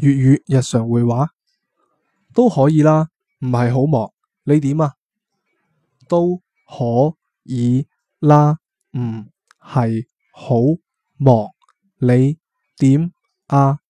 粵語日常會話，都可以啦，唔係好忙，你點啊？都可以啦，唔係好忙，你點啊？